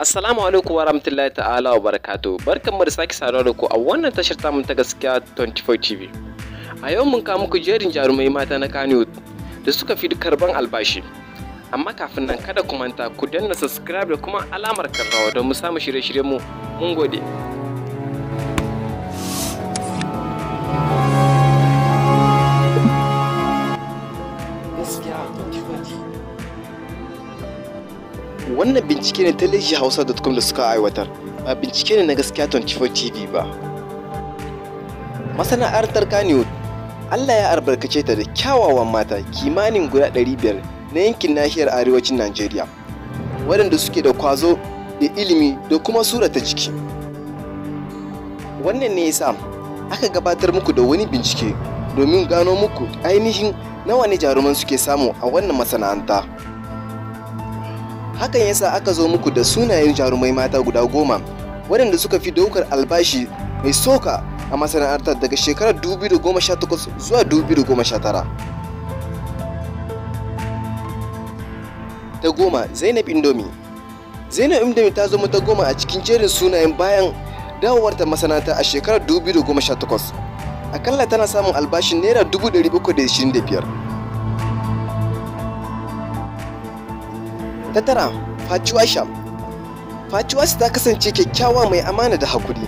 Assalamu alaikum wa rahmatullahi ta'ala wa barakatuh. Barkan mu da sake saduwa da ku a wannan tashar tamu ta gaskiya 24 TV. A yau mun kawo muku jerin jarumai mata na Kano da suka fi karban albashi. Amma kafin nan kada ku manta ku danna subscribe da kuma alamar karrawa don mu samu shirye-shiryen mu. Mun gode. Gaskiya 24 wannan bincike ne ta leji hausa.com da suka aiwatar ba bincike ne na gaskiya 24 tv ba masana'artar kaniwood allah ya albarkace ta da kyawawan mata kimanin guda 500 na yankin nahiyar arewacin najeriya waɗanda suke da kwazo da ilimi da kuma sura ta jiki wannan ne yasa aka gabatar muku da wani bincike domin gano muku ainihin nawa ne jaruman suke samu a wannan masana'anta. hakan yasa aka zo muku da sunayen jarumai mata guda goma waɗanda suka fi daukar albashi mai soka a masana'antar daga shekarar 2018 zuwa 2019 ta goma zainab indomi zainab indomi ta zama ta goma a cikin jerin sunayen bayan ta masana'anta a shekarar 2018 akalla tana samun albashin naira 725 Ta tara Fatuwa Sham. Fatuwa ta kasance kyakkyawa mai amana da hakuri.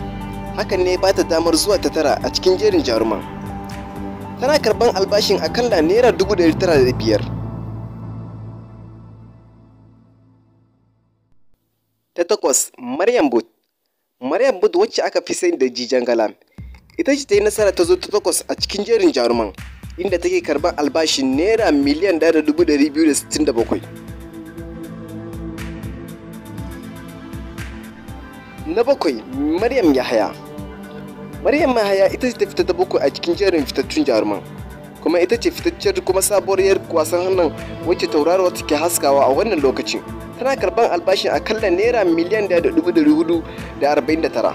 Hakan ne ba ta damar zuwa ta tara a cikin jerin jaruman. Tana karban albashin akalla naira dubu ɗari tara da biyar. Ta takwas Maryam Bud. Maryam Bud wacce aka fi sai da Jijan Galam. Ita ce ta yi nasara ta zo ta takwas a cikin jerin jaruman. inda take karban albashin naira miliyan dubu ɗari biyu da da sittin bakwai. Na bakwai Maryam Yahaya. Maryam Yahaya ita ce ta fita ta bakwai a cikin jerin fitattun jaruman. Kuma ita ce fitacciyar kuma sabuwar yar wasan hannun wacce tauraruwa take haskawa a wannan lokacin. Tana karban albashin a kalla naira miliyan da dubu da hudu da arba'in da tara.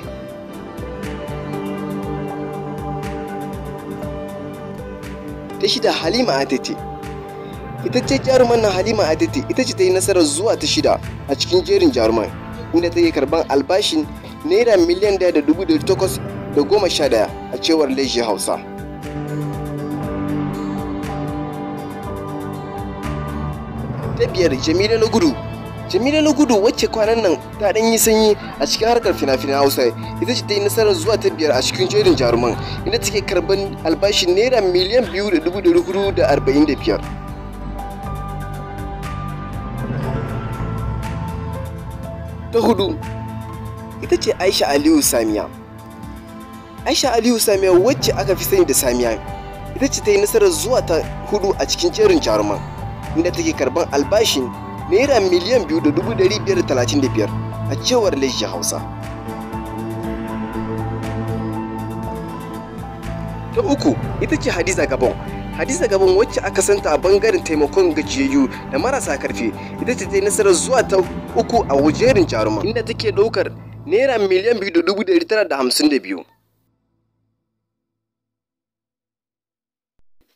Ta shida Halima Adete. Ita ce jaruman na Halima Adete ita ce ta yi nasarar zuwa ta shida a cikin jerin jaruman. inda take karban albashin naira miliyan daya da dubu da takwas da goma sha daya a cewar leji hausa ta biyar jamila na gudu jamila na gudu wacce kwanan nan ta dan yi sanyi a cikin harkar fina-finan hausa ita ce ta yi nasarar zuwa ta biyar a cikin jerin jaruman inda take karban albashin naira miliyan biyu da dubu da arba'in da biyar ta hudu ita ce aisha aliyu samiya aisha aliyu samiya wacce aka fi sani da samiya ita ce ta yi nasarar zuwa ta hudu a cikin jerin jaruman inda take karban albashin naira miliyan biyu da dubu dari biyar da talatin da biyar a cewar leji hausa ta uku ita ce hadiza gabon Hadiza Gaban wacce aka santa a bangaren taimakon gajiyayyu da marasa karfi ita ce ta nasarar zuwa ta uku a wajerin jaruma inda take ɗaukar naira miliyan biyu da dubu ɗari tara da hamsin da biyu.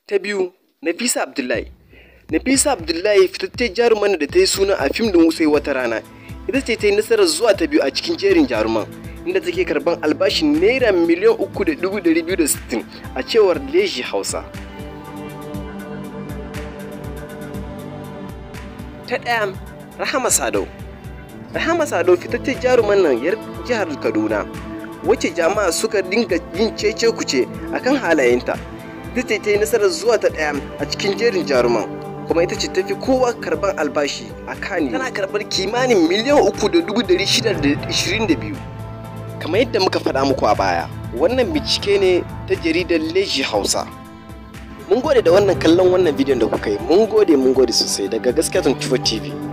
Ta biyu Nafisa Abdullahi Nafisa Abdullahi fitattun jaruman da ta yi suna a fim da Wusai wata rana ita ce ta yi nasarar zuwa ta biyu a cikin jerin jaruman. inda take karban albashin naira miliyan uku da dubu ɗari biyu da sittin a cewar leji hausa ta ɗaya rahama sadau rahama sadau fitaccen jaruman nan yar jihar kaduna wacce jama'a suka dinga yin cece kuce akan halayenta ce ta yi nasarar zuwa ta ɗaya a cikin jerin jaruman kuma ita ce ta fi kowa karban albashi a kani tana karbar kimanin miliyan uku da dubu dari shida da ishirin da biyu kamar yadda muka faɗa muku a baya wannan bincike ne ta jaridar leji hausa mun gode da wannan kallon wannan bidiyon da kuka yi mun gode mun gode sosai daga gaskiya tun tv